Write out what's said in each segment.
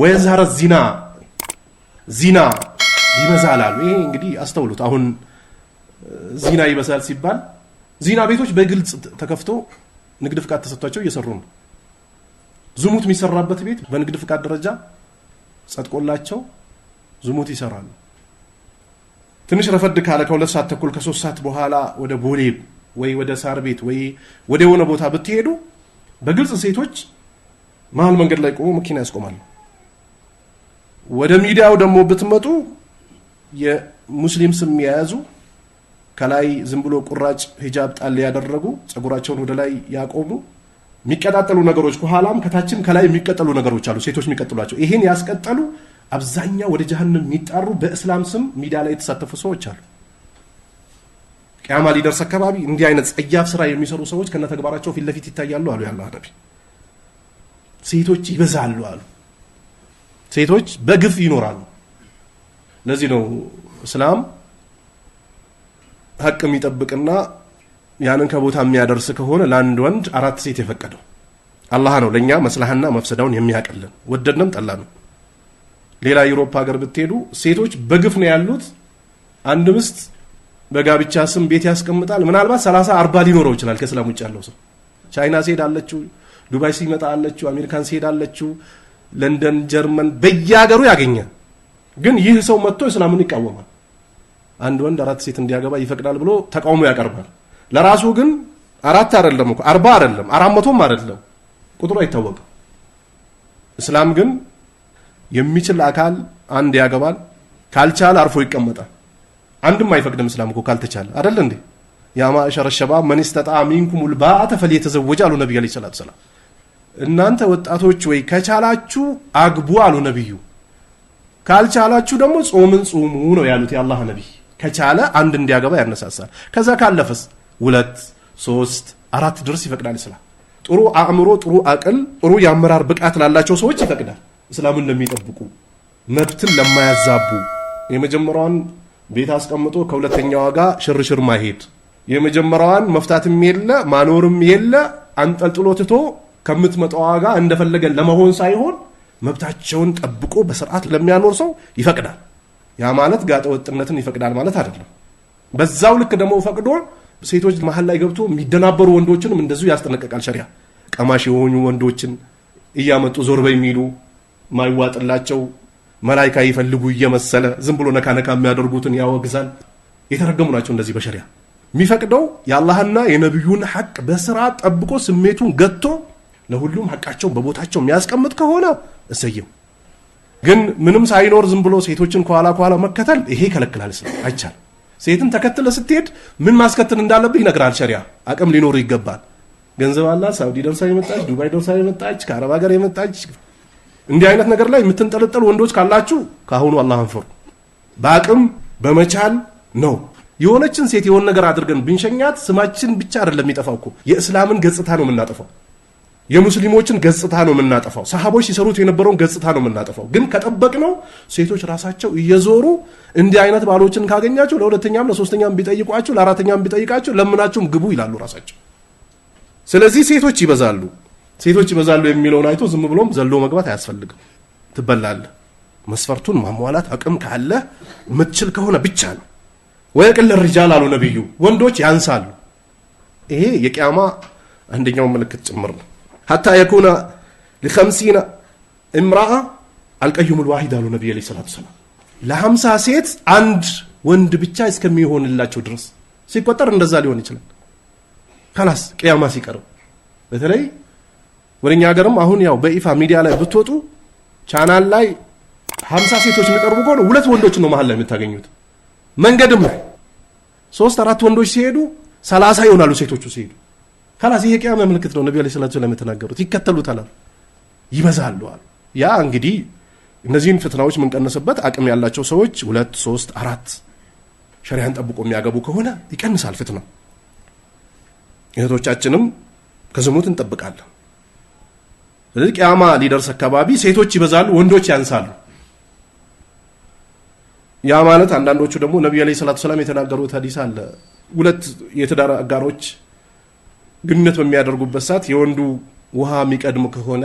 ወየዝሀረ ዚና ዚና ይበዛል አሉ። ይሄ እንግዲህ አስተውሉት። አሁን ዚና ይበዛል ሲባል ዚና ቤቶች በግልጽ ተከፍቶ ንግድ ፍቃድ ተሰጥቷቸው እየሰሩ ነው። ዝሙት የሚሰራበት ቤት በንግድ ፍቃድ ደረጃ ጸድቆላቸው ዝሙት ይሰራሉ። ትንሽ ረፈድ ካለ ከሁለት ሰዓት ተኩል ከሶስት ሰዓት በኋላ ወደ ቦሌ ወይ ወደ ሳር ቤት ወይ ወደ የሆነ ቦታ ብትሄዱ በግልጽ ሴቶች መሀል መንገድ ላይ ቆሞ መኪና ያስቆማሉ። ወደ ሚዲያው ደግሞ ብትመጡ የሙስሊም ስም የያዙ ከላይ ዝም ብሎ ቁራጭ ሂጃብ ጣል ያደረጉ ጸጉራቸውን ወደ ላይ ያቆሙ የሚቀጣጠሉ ነገሮች ከኋላም ከታችም ከላይ የሚቀጠሉ ነገሮች አሉ። ሴቶች የሚቀጥሏቸው ይህን ያስቀጠሉ አብዛኛው ወደ ጀሀንም የሚጣሩ በእስላም ስም ሚዲያ ላይ የተሳተፉ ሰዎች አሉ። ቅያማ ሊደርስ አካባቢ እንዲህ አይነት ጸያፍ ስራ የሚሰሩ ሰዎች ከነተግባራቸው ፊት ለፊት ይታያሉ አሉ ያለ ነቢ። ሴቶች ይበዛሉ አሉ። ሴቶች በግፍ ይኖራሉ። ለዚህ ነው እስላም ሀቅ የሚጠብቅና ያንን ከቦታ የሚያደርስ ከሆነ ለአንድ ወንድ አራት ሴት የፈቀደው አላህ ነው። ለእኛ መስላህና መፍሰዳውን የሚያቀልን ወደድንም ጠላ ነው። ሌላ የአውሮፓ ሀገር ብትሄዱ ሴቶች በግፍ ነው ያሉት። አንድ ምስት በጋብቻ ስም ቤት ያስቀምጣል። ምናልባት ሰላሳ አርባ ሊኖረው ይችላል ከእስላም ውጭ ያለው ሰው። ቻይና ሲሄድ አለችው፣ ዱባይ ሲመጣ አለችው፣ አሜሪካን ሲሄድ አለችው ለንደን፣ ጀርመን በየሀገሩ ያገኛል። ግን ይህ ሰው መጥቶ እስላምን ይቃወማል። አንድ ወንድ አራት ሴት እንዲያገባ ይፈቅዳል ብሎ ተቃውሞ ያቀርባል። ለራሱ ግን አራት አይደለም እኮ አርባ አይደለም አራት መቶም አይደለም ቁጥሩ አይታወቅም። እስላም ግን የሚችል አካል አንድ ያገባል፣ ካልቻለ አርፎ ይቀመጣል። አንድም አይፈቅድም እስላም እኮ ካልተቻለ አይደል እንዴ? ያ ሸባብ መን ስተጣዐ ሚንኩም ፈልየተዘወጅ አሉ ነቢ ዓለይሂ ሰላቱ ወሰላም። እናንተ ወጣቶች ወይ ከቻላችሁ አግቡ አሉ ነቢዩ። ካልቻላችሁ ደግሞ ጾምን ጾሙ ነው ያሉት የአላህ ነቢይ። ከቻለ አንድ እንዲያገባ ያነሳሳል። ከዛ ካለፈስ ሁለት ሶስት አራት ድረስ ይፈቅዳል። ስላ ጥሩ አእምሮ፣ ጥሩ አቅል፣ ጥሩ የአመራር ብቃት ላላቸው ሰዎች ይፈቅዳል። እስላምን ለሚጠብቁ መብትን ለማያዛቡ የመጀመሪያዋን ቤት አስቀምጦ ከሁለተኛዋ ጋር ሽርሽር ማሄድ የመጀመሪያዋን መፍታትም የለ ማኖርም የለ አንጠልጥሎ ትቶ ከምትመጣው ዋጋ እንደፈለገ ለመሆን ሳይሆን መብታቸውን ጠብቆ በስርዓት ለሚያኖር ሰው ይፈቅዳል። ያ ማለት ጋጠ ወጥነትን ይፈቅዳል ማለት አይደለም። በዛው ልክ ደግሞ ፈቅዶ ሴቶች መሀል ላይ ገብቶ የሚደናበሩ ወንዶችንም እንደዚሁ ያስጠነቀቃል። ሸሪያ ቀማሽ የሆኑ ወንዶችን እያመጡ ዞር በይ የሚሉ ማይዋጥላቸው መላይካ ይፈልጉ እየመሰለ ዝም ብሎ ነካ ነካ የሚያደርጉትን ያወግዛል። የተረገሙ ናቸው እንደዚህ በሸሪያ የሚፈቅደው የአላህና የነቢዩን ሐቅ በስራ ጠብቆ ስሜቱን ገጥቶ ለሁሉም ሀቃቸውን በቦታቸው የሚያስቀምጥ ከሆነ እሰየው። ግን ምንም ሳይኖር ዝም ብሎ ሴቶችን ከኋላ ከኋላ መከተል ይሄ ይከለክላል። ስለ አይቻል ሴትን ተከትለ ስትሄድ ምን ማስከትል እንዳለብህ ይነግራል ሸሪያ። አቅም ሊኖር ይገባል። ገንዘብ አላ ሳውዲ ደርሳ የመጣች ዱባይ ደርሳ የመጣች ከአረብ ሀገር የመጣች እንዲህ አይነት ነገር ላይ የምትንጠለጠሉ ወንዶች ካላችሁ ከአሁኑ አላህን ፍሩ። በአቅም በመቻል ነው። የሆነችን ሴት የሆን ነገር አድርገን ብንሸኛት ስማችን ብቻ አይደለም የሚጠፋው እኮ የእስላምን ገጽታ ነው የምናጠፋው። የሙስሊሞችን ገጽታ ነው የምናጠፋው። ሰሃቦች ሲሰሩት የነበረውን ገጽታ ነው የምናጠፋው። ግን ከጠበቅ ነው ሴቶች ራሳቸው እየዞሩ እንዲህ አይነት ባሎችን ካገኛቸው ለሁለተኛም ለሶስተኛም ቢጠይቋቸው ለአራተኛም ቢጠይቃቸው ለምናቸውም ግቡ ይላሉ ራሳቸው። ስለዚህ ሴቶች ይበዛሉ፣ ሴቶች ይበዛሉ የሚለውን አይቶ ዝም ብሎም ዘሎ መግባት አያስፈልግም። ትበላለ መስፈርቱን ማሟላት አቅም ካለ ምትችል ከሆነ ብቻ ነው። ወየቅል ሪጃል አሉ ነቢዩ፣ ወንዶች ያንሳሉ። ይሄ የቅያማ አንደኛው ምልክት ጭምር ነው። ሀታ የኩነ ሊከምሲና እምራአ አልቀይሙ ልዋሂድ አሉ ነቢ ለ ሰላት ሰላም ለሀምሳ ሴት አንድ ወንድ ብቻ እስከሚሆንላቸው ድረስ ሲቆጠር እንደዛ ሊሆን ይችላል። ካላስ ቅያማ ሲቀርብ በተለይ ወደኛ ሀገርም አሁን ያው በይፋ ሚዲያ ላይ ብትወጡ ቻናል ላይ ሀምሳ ሴቶች የሚቀርቡ ከሆነ ሁለት ወንዶች ነው መሀል ላይ የምታገኙት። መንገድም ላይ ሶስት አራት ወንዶች ሲሄዱ ሰላሳ ይሆናሉ ሴቶቹ ሲሄዱ ካላስ ይሄ ቅያማ ምልክት ነው። ነቢ ላ ላም የተናገሩት ይከተሉታል፣ ይበዛሉ አሉ። ያ እንግዲህ እነዚህን ፍትናዎች የምንቀንስበት አቅም ያላቸው ሰዎች ሁለት፣ ሶስት፣ አራት ሸሪያን ጠብቆ የሚያገቡ ከሆነ ይቀንሳል ፍትና። እህቶቻችንም ከዝሙት እንጠብቃለን። ስለዚህ ቅያማ ሊደርስ አካባቢ ሴቶች ይበዛሉ፣ ወንዶች ያንሳሉ። ያ ማለት አንዳንዶቹ ደግሞ ነቢዩ ዐለይሂ ሰላቱ ወሰላም የተናገሩት ሀዲስ አለ ሁለት የትዳር አጋሮች ግንኙነት በሚያደርጉበት ሰዓት የወንዱ ውሃ የሚቀድሙ ከሆነ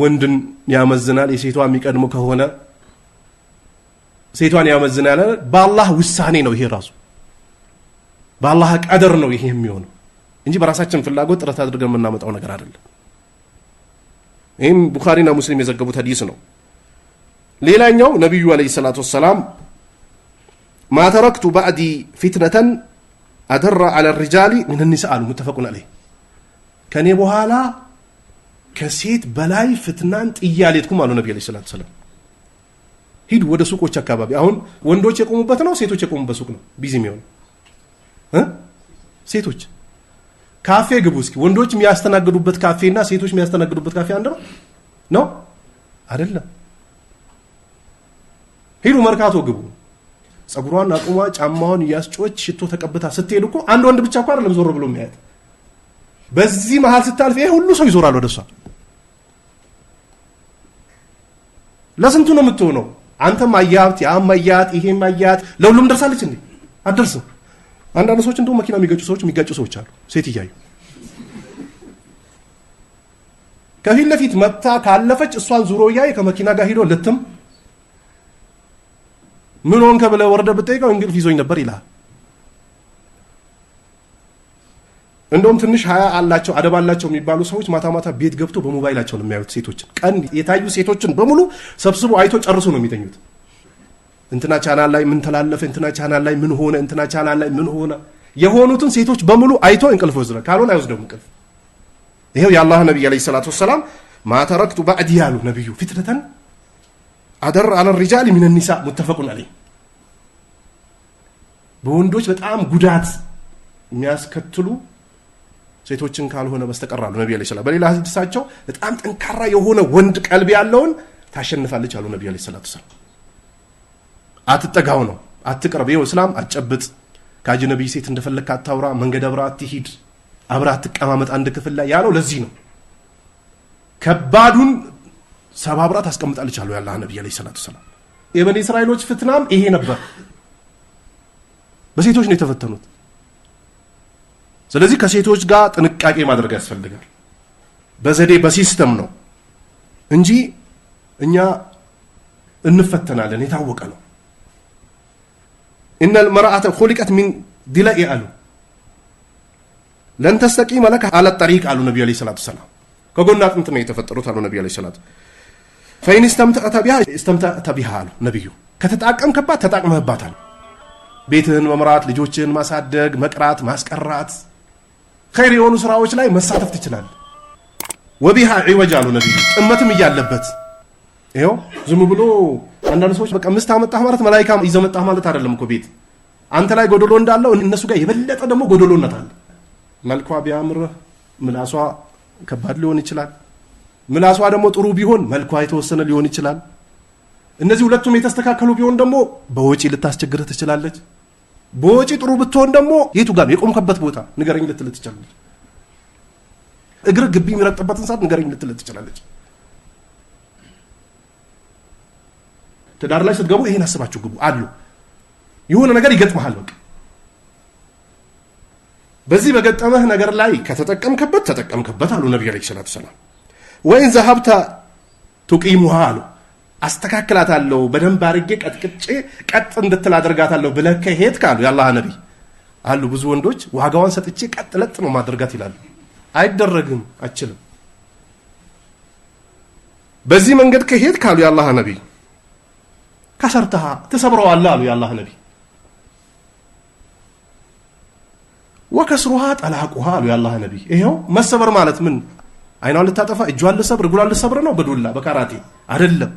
ወንድን ያመዝናል፣ የሴቷ የሚቀድሙ ከሆነ ሴቷን ያመዝናል። በአላህ ውሳኔ ነው ይሄ ራሱ በአላህ ቀደር ነው ይሄ የሚሆነው እንጂ በራሳችን ፍላጎት ጥረት አድርገን የምናመጣው ነገር አይደለም። ይህም ቡኻሪና ሙስሊም የዘገቡት ሀዲስ ነው። ሌላኛው ነቢዩ ዓለይሂ ሰላቱ ወሰላም ማተረክቱ ባዕዲ ፊትነተን አደራ አለ ሪጃሊ ምንኒሳ አሉ ሙተፈቁን አለይ ከእኔ በኋላ ከሴት በላይ ፍትናን ጥዬ አሉ ነቢ ለ ሰላት ሰላም። ሂዱ ወደ ሱቆች አካባቢ። አሁን ወንዶች የቆሙበት ነው፣ ሴቶች የቆሙበት ሱቅ ነው ቢዚ የሚሆነው። ሴቶች ካፌ ግቡ እስኪ። ወንዶች የሚያስተናግዱበት ካፌ እና ሴቶች የሚያስተናግዱበት ካፌ አንድ ነው ነው አይደለም? ሂዱ መርካቶ ግቡ ጸጉሯን አቁማ ጫማዋን እያስጮች ሽቶ ተቀብታ ስትሄድ እኮ አንድ ወንድ ብቻ እኳ አይደለም ዞር ብሎ የሚያየት። በዚህ መሀል ስታልፍ ይሄ ሁሉ ሰው ይዞራል ወደ እሷ። ለስንቱ ነው የምትሆነው? አንተም አያት፣ ያም አያት፣ ይሄም አያት። ለሁሉም ደርሳለች እንዴ? አደርስም አንዳንድ ሰዎች እንደውም መኪና የሚገጩ ሰዎች የሚጋጩ ሰዎች አሉ፣ ሴት እያዩ ከፊት ለፊት መታ ካለፈች እሷን ዙሮ እያየ ከመኪና ጋር ሂዶ ልትም ምን ሆንከ ብለህ ወረደ ብትጠይቀው እንቅልፍ ይዞኝ ነበር ይላል። እንደውም ትንሽ ሀያ አላቸው አደብ አላቸው የሚባሉ ሰዎች ማታ ማታ ቤት ገብቶ በሞባይላቸው ነው የሚያዩት ሴቶችን። ቀን የታዩ ሴቶችን በሙሉ ሰብስቦ አይቶ ጨርሶ ነው የሚተኙት። እንትና ቻናል ላይ ምን ተላለፈ፣ እንትና ቻናል ላይ ምን ሆነ፣ እንትና ቻናል ላይ ምን ሆነ፣ የሆኑትን ሴቶች በሙሉ አይቶ እንቅልፍ ወዝረ ካልሆን አይወስደውም እንቅልፍ። ይሄው የአላህ ነቢይ ዓለይሂ ሰላቱ ወሰላም ማተረክቱ ባዕድ ያሉ ነቢዩ ፊትነተን አደር አለ ሪጃል ምን ኒሳ ሙተፈቁን አለይ በወንዶች በጣም ጉዳት የሚያስከትሉ ሴቶችን ካልሆነ በስተቀር አሉ ነቢ ዐለይሂ ሰላም። በሌላ ሐዲሳቸው በጣም ጠንካራ የሆነ ወንድ ቀልብ ያለውን ታሸንፋለች አሉ ነቢ ዐለይሂ ሰላቱ ሰላም። አትጠጋው ነው አትቅረብ፣ ይኸው እስላም አትጨብጥ፣ ከአጅነቢ ሴት እንደፈለግክ አታውራ፣ መንገድ አብራ አትሂድ፣ አብራ አትቀማመጥ አንድ ክፍል ላይ ያለው ለዚህ ነው። ከባዱን ሰባብራ ብራት አስቀምጣልቻለሁ ያለ ነቢ ዐለይሂ ሰላቱ ሰላም። የበኒ እስራኤሎች ፍትናም ይሄ ነበር። በሴቶች ነው የተፈተኑት። ስለዚህ ከሴቶች ጋር ጥንቃቄ ማድረግ ያስፈልጋል። በዘዴ በሲስተም ነው እንጂ እኛ እንፈተናለን፣ የታወቀ ነው። እነ መርአተ ኹሊቀት ሚን ዲለኢ አሉ ለን ተስተቂመ ለከ አለ ጠሪቅ አሉ ነቢ ዐለይሂ ሰላቱ ሰላም። ከጎና አጥንት ነው የተፈጠሩት አሉ ነቢ ዐለይሂ ሰላቱ ፈይን ስተምተዕተ ቢሃ ስተምተዕተ ቢሃ አሉ ነቢዩ። ከተጣቀምክባት ተጣቅመህባታል። ቤትህን መምራት፣ ልጆችን ማሳደግ፣ መቅራት፣ ማስቀራት፣ ኸይር የሆኑ ስራዎች ላይ መሳተፍ ትችላለህ። ወቢሃ ዒወጅ አሉ ነቢዩ፣ ጥመትም እያለበት ይኸው። ዝም ብሎ አንዳንድ ሰዎች በቃ ምስት አመጣህ ማለት መላይካ ይዘ መጣህ ማለት አይደለም እኮ ቤት አንተ ላይ ጎደሎ እንዳለው እነሱ ጋር የበለጠ ደግሞ ጎደሎነት አለ። መልኳ ቢያምርህ ምላሷ ከባድ ሊሆን ይችላል። ምላሷ ደግሞ ጥሩ ቢሆን መልኳ የተወሰነ ሊሆን ይችላል። እነዚህ ሁለቱም የተስተካከሉ ቢሆን ደግሞ በወጪ ልታስቸግርህ ትችላለች። በወጪ ጥሩ ብትሆን ደግሞ የቱ ጋር የቆምከበት ቦታ ንገረኝ ልትል ትችላለች። እግር ግቢ የሚረጥበትን ሰዓት ንገረኝ ልትል ትችላለች። ትዳር ላይ ስትገቡ ይሄን አስባችሁ ግቡ አሉ። የሆነ ነገር ይገጥመሃል። በቃ በዚህ በገጠመህ ነገር ላይ ከተጠቀምከበት ተጠቀምከበት አሉ ነቢ ዓለይሂ ሰላቱ ሰላም። ወይን ዘሀብታ ቱቂሙሃ አሉ አስተካክላታለሁ በደንብ አርጌ ቀጥቅጬ ቀጥ እንድትል አደርጋታለሁ ብለህ ከሄድክ አሉ የአላህ ነቢይ አሉ ብዙ ወንዶች ዋጋዋን ሰጥቼ ቀጥ ለጥ ነው ማደርጋት ይላሉ። አይደረግም፣ አችልም? በዚህ መንገድ ከሄት ካሉ የአላህ ነቢይ ከሰርተሃ ትሰብረዋለህ አሉ የአላህ ነቢይ። ወከስሩሃ ጠላቁሃ አሉ የአላህ ነቢይ። ይኸው መሰበር ማለት ምን አይኗን ልታጠፋ እጇን ልሰብር እግሯን ልሰብር ነው በዱላ በካራቴ አይደለም።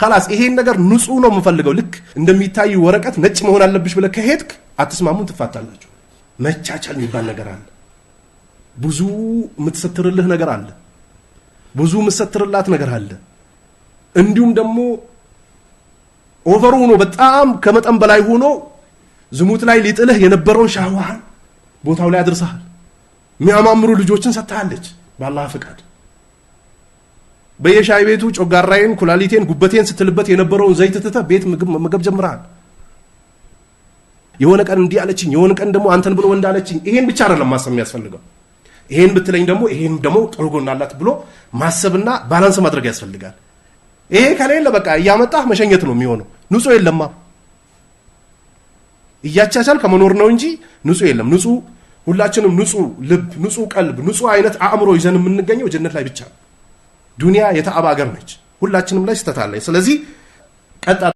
ካላስ ይሄን ነገር ንጹህ ነው የምፈልገው። ልክ እንደሚታይ ወረቀት ነጭ መሆን አለብሽ ብለህ ከሄድክ አትስማሙን ትፋታላችሁ። መቻቻል የሚባል ነገር አለ። ብዙ የምትሰትርልህ ነገር አለ። ብዙ የምትሰትርላት ነገር አለ። እንዲሁም ደግሞ ኦቨር ሆኖ በጣም ከመጠን በላይ ሆኖ ዝሙት ላይ ሊጥልህ የነበረውን ሻህዋህን ቦታው ላይ አድርሰሃል። የሚያማምሩ ልጆችን ሰጥታለች። በአላህ ፍቃድ በየሻይ ቤቱ ጮጋራዬን፣ ኩላሊቴን፣ ጉበቴን ስትልበት የነበረውን ዘይት ትተህ ቤት መመገብ ጀምረሃል። የሆነ ቀን እንዲህ አለችኝ፣ የሆነ ቀን ደግሞ አንተን ብሎ ወንድ አለችኝ። ይሄን ብቻ አይደለም ማሰብ የሚያስፈልገው። ይሄን ብትለኝ ደግሞ ይሄን ደግሞ ጥሩ ጎን አላት ብሎ ማሰብና ባላንስ ማድረግ ያስፈልጋል። ይሄ ከሌለ በቃ እያመጣህ መሸኘት ነው የሚሆነው። ንጹህ የለማ እያቻቻል ከመኖር ነው እንጂ ንጹህ የለም። ንጹህ ሁላችንም ንጹህ ልብ፣ ንጹህ ቀልብ፣ ንጹህ አይነት አእምሮ ይዘን የምንገኘው ጀነት ላይ ብቻ ነው። ዱንያ የተአባገር አገር ነች። ሁላችንም ላይ ስተት አለ። ስለዚህ ቀጣ